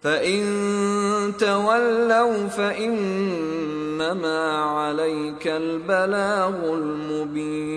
فَإِن تَوَلَّوْا فَإِنَّمَا عَلَيْكَ الْبَلَاغُ الْمُبِينُ